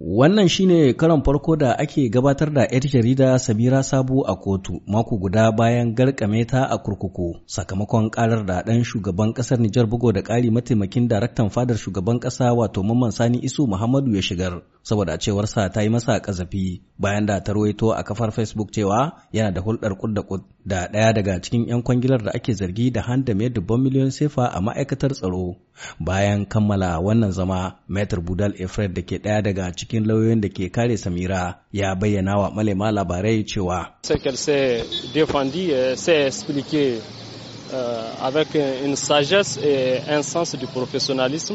Wannan shine karon farko da ake gabatar da 'yar jarida Samira Sabo a kotu mako guda bayan garkame ta a kurkuku sakamakon karar da ɗan shugaban ƙasar Nijar bugo da ƙari mataimakin daraktan fadar shugaban ƙasa wato Mamman Sani iso Muhammadu ya shigar saboda cewar sa ta yi masa kazafi bayan da ta ruwaito a kafar facebook cewa yana da hulɗar kud da kud da ɗaya daga cikin 'yan kwangilar da ake zargi da handame dubban miliyon sefa a ma'aikatar tsaro bayan kammala wannan zama metr budal efred da ke ɗaya daga cikin lauyoyin da ke kare samira ya bayyana wa malema labarai cewa euh, euh, avec une sagesse et un sens du professionnalisme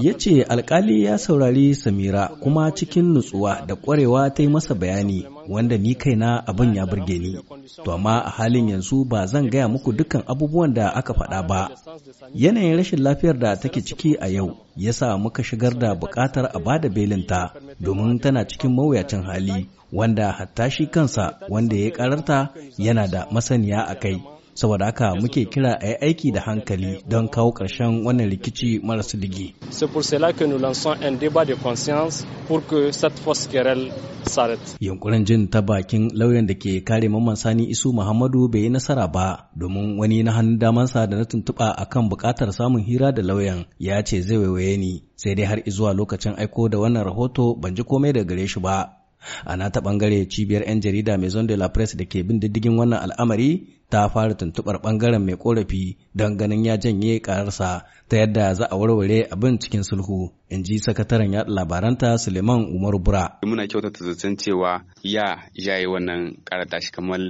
ya ce alkali ya saurari samira kuma cikin nutsuwa da kwarewa ta yi masa bayani wanda ni kaina abin ya burge ni to amma a halin yanzu ba zan gaya muku dukkan abubuwan da aka faɗa ba yanayin rashin lafiyar da take ciki a yau ya sa muka shigar da buƙatar a bada belinta domin tana cikin mawuyacin hali wanda hatta shi kansa wanda ya kararta yana da masaniya a kai saboda haka muke kira a yi aiki da hankali don kawo ƙarshen wannan rikici maras ligi. Yunkurin jin ta bakin lauyan da ke kare mamman Sani Isu Muhammadu bai yi nasara ba domin wani na hannun damansa da na tuntuɓa kan buƙatar samun hira da lauyan ya ce zai waiwaye ni sai dai har izuwa lokacin aiko da wannan rahoto ban ji komai daga gare shi ba. a nata bangare cibiyar 'yan jarida mai de la presse da ke bin diddigin wannan al'amari ta fara tuntubar bangaren mai korafi don ganin ya janye kararsa ta yadda za a warware abin cikin sulhu in ji sakataren yaɗa labaranta suleiman umar bura muna kyautata zancen cewa ya jaye wannan karar tashi kamar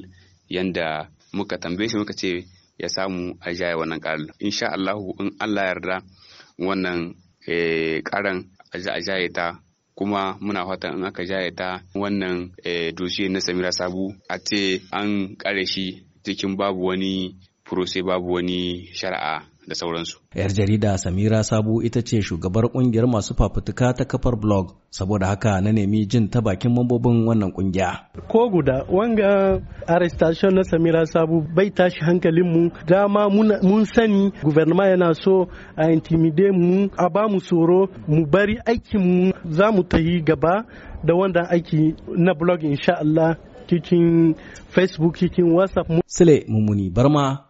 yadda muka tambaye shi muka ce ya samu a jaye wannan karar insha allahu in allah yarda wannan karan eh, a jaye ta kuma muna fatan in aka jaye ta wannan eh, dosiye na samira sabu a ce an kare shi cikin babu wani furose babu wani shari'a da sauransu. Yar jarida Samira Sabu ita ce shugabar kungiyar masu fafutuka ta kafar blog saboda haka na nemi jin ta bakin mambobin wannan kungiya. Ko guda wanga arrestation na Samira Sabu bai tashi hankalinmu dama mun sani guverna yana so a intimide mu a ba mu tsoro mu bari aikinmu za mu tahi gaba da wanda aiki na blog insha Allah cikin facebook cikin whatsapp sile mummuni barma